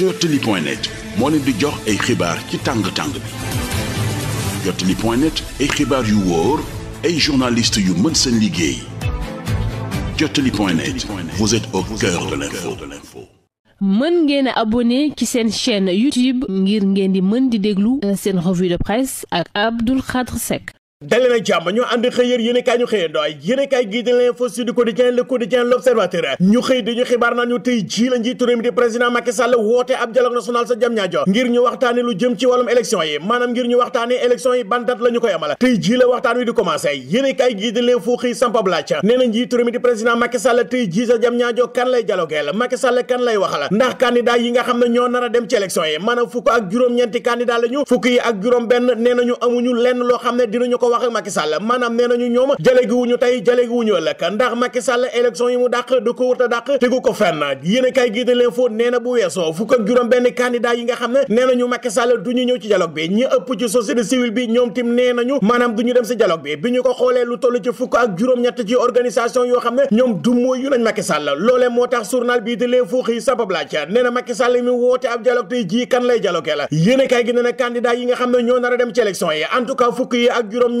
Jotali point moo leen di jox ay xibaar ci tàng-tàng bi Jotali xibaar yu wóor ay journalistes yu mën seen liggéey Jotali point net vous êtes au cœur de l'info mën ngeen ci seen chaîne YouTube ngir ngeen di mën di déglu seen revue de presse ak Abdou Khadre Seck dalee nag jàmm ñoo ànd xëy yér yéen kaay ñu xëyee ndooy yéen kaay gii di l'info sud quotidien le quotidien l' observateur ñu xëy di xibaar naan ñu tey la njiitu mi di président Macky Sall woote ab sa jam ñaajo ngir ñu waxtaane la ñu la kan lay dialogueel Macky ndax candidat yi nga xam ne ñoo nar a dem ci élection yi maanaam fukk ak juróom-ñeenti candidat la fukk yi ak juróom benn nee nañu amuñu lenn loo xam ne dinañu ko wax ak Macky Sall maanaam nee nañu ñoom jaleegi wuñu tey jaleegi ndax Macky Sall élection yi mu dàq da ko wut a dàq tegu ko fenn yéen a kaay gii di l'info yi nga xam ne nee nañu Macky Sall du ñu ñëw ci dialogue bi ñi ëpp ci société civile bi ñoom tim nee nañu maanaam du ñu dem si dialogue bi bi ñu ko xoolee lu toll yoo xam ne ñoom du mooy yu nañ moo tax journal bii di l'info xëy sabab laa ca nee na Macky Sall mi woote ab dialogue tey jii kan lay dialogue la yéen a kaay gi nee na yi nga xam ne ñoo nar a dem ci élection yi en fukk yi ak juróom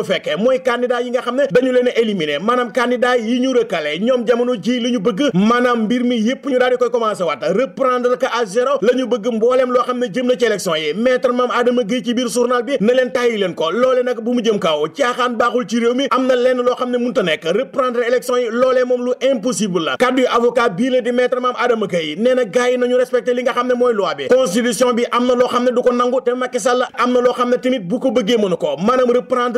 bëgg mooy candidat yi nga xam ne dañu leen a éliminer maanaam yi ñu recalé ñoom jamono ji li bëgg maanaam mbir mi yëpp ñu daal koy commencé waat reprendre que à zéro la bëgg mbooleem loo xam ne jëm na ci élection yi maître Mame Adama Guèye ci biir journal bi ne leen tàyyi leen ko loole nag bu mu jëm kaw caaxaan baaxul ci réew mi am na lenn loo xam ne mënta nekk reprendre élection yi loolee moom lu impossible la kàddu yu avocat bii la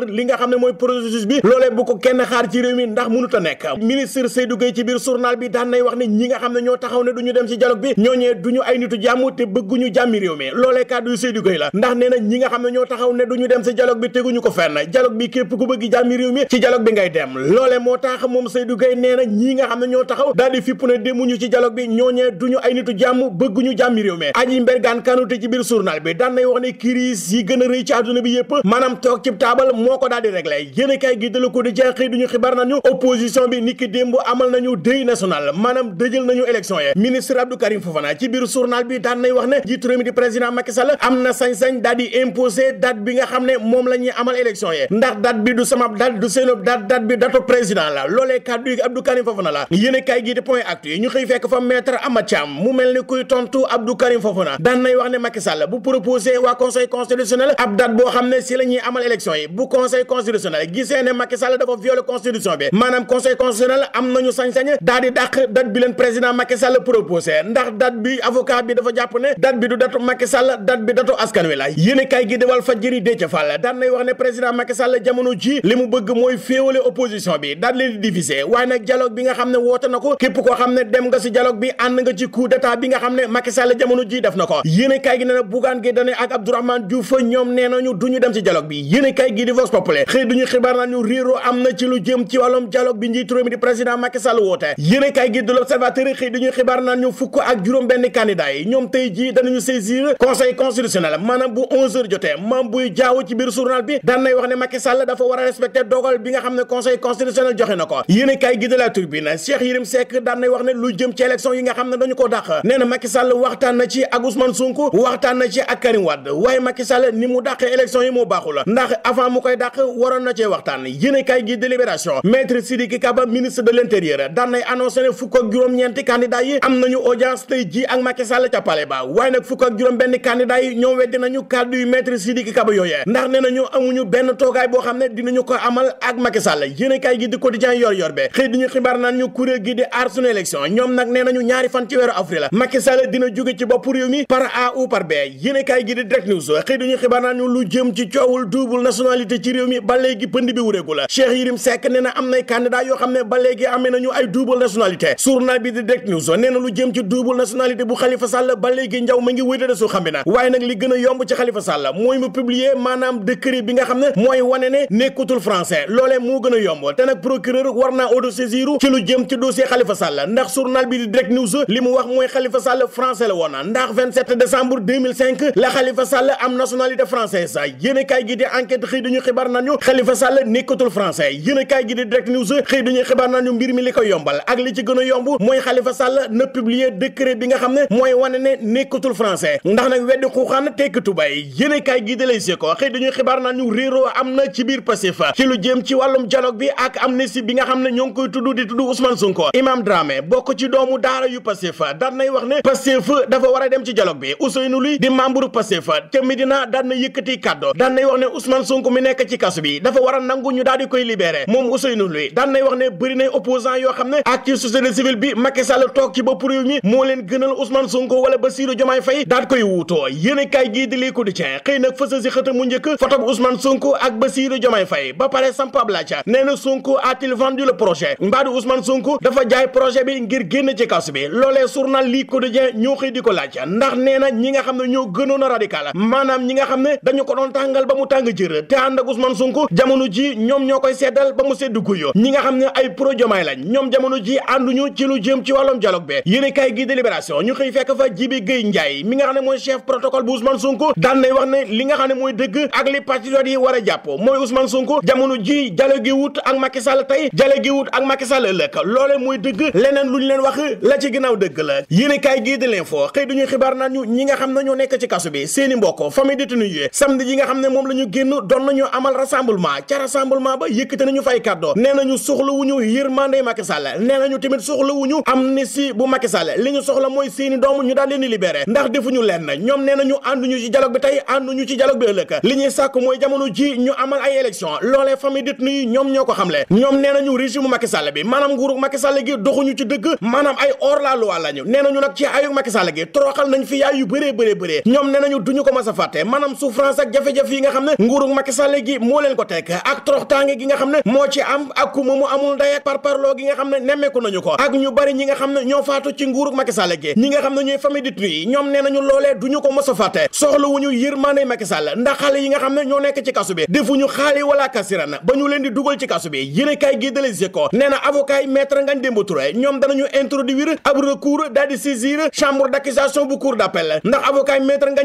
di li nga xam ne mooy processus bi loolee bu ko kenn xaar ci réew mi ndax mënut a nekk ministre Seydou Gueye ci biir journal bi daan nay wax ne ñi nga xam ne ñoo taxaw ne du ñu dem ci dialogue bi ñooñee du ñu ay nitu jàmm te bëgguñu jàmmi réew mi loolee kàddu yu Seydou la ndax nee na ñi nga xam ne ñoo taxaw ne du ñu dem ci dialogue bi ko fenn dialogue bi képp ku bëgg jàmmi réew mi ci dialogue bi dem loolee moo tax moom Seydou Gueye nee na ñi nga xam ne ñoo taxaw daal di fipp ne ci dialogue bi ñooñee duñu ay nitu jàmm bëgguñu jàmmi réew mi aji mbergaan kanute ci biir journal bi daan nay wax ne crise yi gën a rëy ci àdduna bi yëpp maanaam toog ci taabal moo ko daal di réglé yéenekaay gi ko di jeexee duñu xibaar nañu opposition bi niki démb amal nañu deuil national maanaam dëjël nañu élection yi ministre Abdou Karim Fofana la ñuy amal du sama date du seenub gi di point actu yi ñu xëy fekk fa maître Amath Thiam mu mel ni kuy tontu Abdou Karim Fofana daan nay wax ne Macky bu proposé waa conseil constitutionnel ab date boo xam ne si la amal élection yi bu conseil conseil constitutionnel gisee ne Macky Sall dafa violé constitution bi maanaam conseil constitutionnel am nañu sañ-sañ daal di dàq bi leen président Macky Sall proposé ndax date bi avocat bi dafa jàpp ne date bi du datu Macky Sall date bi datu askan wi la yéen kay gi di Walf Fadjri Déthié Fall daan nay wax ne président Macky Sall jamono ji li mu bëgg mooy féewale opposition bi daal leen di diviser waaye nag dialogue bi nga xam ne woote na ko képp koo xam ne dem nga si dialogue populaire xëy duñu xibaar naan ñu réeroo am na ci lu jëm ci wàllum dialogue bi njiitu réew mi président Macky Sall woote yéen kaay gi de l'observateur xëy duñu xibaar naan fukk ak juróom benn candidat yi ñoom tey jii danañu saisir conseil constitutionnel maanaam bu 11 heures jotee maam buy jaaw ci biir journal bi daan wax ne Macky Sall dafa war a respecter dogal bi nga xam ne conseil constitutionnel joxe na ko yéen kaay gi de la tribune Cheikh Yérim Seck daan ni mu dàqee élection yi moo baaxul ndax avant dàq waroon na cee waxtaan yéene kaay gi délibération maître Sidiki Kaba ministre de l'intérieur daan nay ne fukk ak juróom-ñeenti candidat yi am nañu audience tey ji ak Macky Sall ca palais ba waaye nag fukk ak juróom-benn candidat yi ñoom weddi nañu kàddu yu maître Sidiki Kaba yooyee ndax nee nañu amuñu benn toogaay boo xam ne dinañu ko amal ak Macky Sall yéene gi di quotidien yor yor be xëy diñu xibaar nañu ñaari A ou par B gi di direct news xëy diñu ba léegi pënd bi wuréegu la Cheikh Yérim Seck nee am nay candidat yoo xam ne ba léegi amee nañu ay double nationalité journal bi di Direct News nee lu jëm ci double nationalité bu Khalifa Sall ba léegi njaw ma ngi wéytade su xam waaye nag li gën yomb ci Khalifa Sall mooy mu publier maanaam décret bi nga xam ne mooy wane ne nekkatul français loolee moo gën yomb te nag procureur war naa auto-saisir ci lu jëm ci dossier Khalifa Sall ndax journal nañu Khalifa Sall nekkatul français yéen a kaay gi di direct news xëy dañuy xibaar nañu mbir mi li ko yombal ak li ci gën a yomb mooy Khalifa Sall na publier décret bi nga xam ne mooy wane ne nekkatul français ndax nag weddi xuuxaan tekki tubay yéen a kaay gi di lay si ko xëy dañuy xibaar nañu réeroo am na ci biir Pastef ci lu jëm ci wàllum dialogue bi ak amnistie bi nga xam ne ñoo ngi koy tudd di tudd Ousmane Sonko Imam Dramé bokk ci doomu daara yu Pastef daan nay wax ne Pastef dafa dem ci dialogue bi Ousseynou Ly di membre Pastef ca na yëkkati kàddo daan nay wax ne mi nekk kasu bi dafa war a nangu ñu daal di koy libéré moom Ousseynou Ly daan nay wax ne bëri nay yoo xam ne active société civile bi Macky toog ci bopp réew mi moo leen gënal Ousmane Sonko wala Bassirou Diomaye Faye daal ba pare sampab laaja nee na Sonko a vendu le projet mbaadu Ousmane Sonko dafa jaay projet bi ngir génn ci kasu bi loolee journal lii quotidien ñoo xëy di ko laaj ndax nee ñi nga xam ne ñoo gënoon a maanaam ñi nga xam ne dañu ko Ousmane Sonko jamono ji ñoom ñoo koy seddal ba mu seddu guyo ñi nga xam ne ay pro Diomaye ñoom jamono ji ànduñu ci lu jëm ci wàllum dialogue bi yéen kay gi délibération ñu xëy fekk fa Jibi mi nga xam ne mooy chef protocole bu Ousmane Sonko daan nay wax ne li nga xam ne mooy dëgg ak li patriotes yi war a jàpp mooy Ousmane Sonko jamono ji gi wut ak Macky Sall tey dialogue gi wut ak Macky Sall ëllëg loole mooy dëgg leneen lu ñu leen wax la ci ginnaaw dëgg la yéen kay gi de l'info xibaar naan ñu ñi nga xam ne ñoo nekk ci kaso bi seeni mbokk famille détenu yi samedi yi nga xam ne moom la ñu génn doon nañu amal amal rassemblement ca rassemblement ba yëkkate nañu fay kàddoo nee nañu soxla wuñu yërmande Macky Sall nee nañu tamit soxla wuñu amnistie bu Macky li ñu soxla mooy seeni doom ñu daal leen di ndax defuñu lenn nañu ci dialogue bi tey ànduñu ci dialogue bi ëllëg li ñuy sàkk mooy jamono ji ñu amal ay élection loolee famille détenu yi ñoom ñoo ko xamle ñoom nee nañu régime Macky Sall bi maanaam nguuru Macky Sall gi doxuñu ci dëgg maanaam ay hors la loi lañu nee nañu nag a fàtte maanaam souffrance ak jafe moo leen ko teg ak toroxtaange gi nga xam ne moo ci am ak ku mu amul ndey ak parparloo gi nga xam ne nemmeeku nañu ko ak ñu bari ñi nga xam ne ñoo faatu ci nguurug Macky Sall gi ñi nga xam ne ñooy famille xam ne ñoo nekk ci kasu bi defuñu xaali wala kasirana ba ñu leen di dugal ci kasu bi yéene kaay gi dale ko nee na avocat yi maître Ngagne Demba Touré ñoom danañu introduire ab recours daal di saisir chambre bu cour d'appel ndax avocat yi maître Ngagne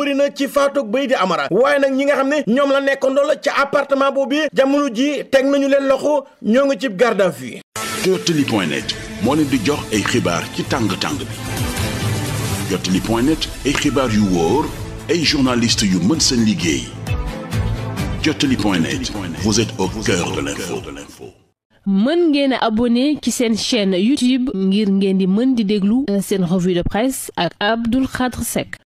bëri na ci faatug bay di amara waaye nag ñi nga xam ne ñoom la nekkandoo la ca appartement boobu jamono ji teg nañu leen loxo ñoo ngi ci garde à vue. moo leen di jox ay xibaar ci tàng-tàng bi yu wóor yu mën seen liggéey Jotali point net mën ngeen a ci seen chaîne YouTube ngir ngeen di mën di déglu euh, seen revue de presse ak Abdou Khadre Seck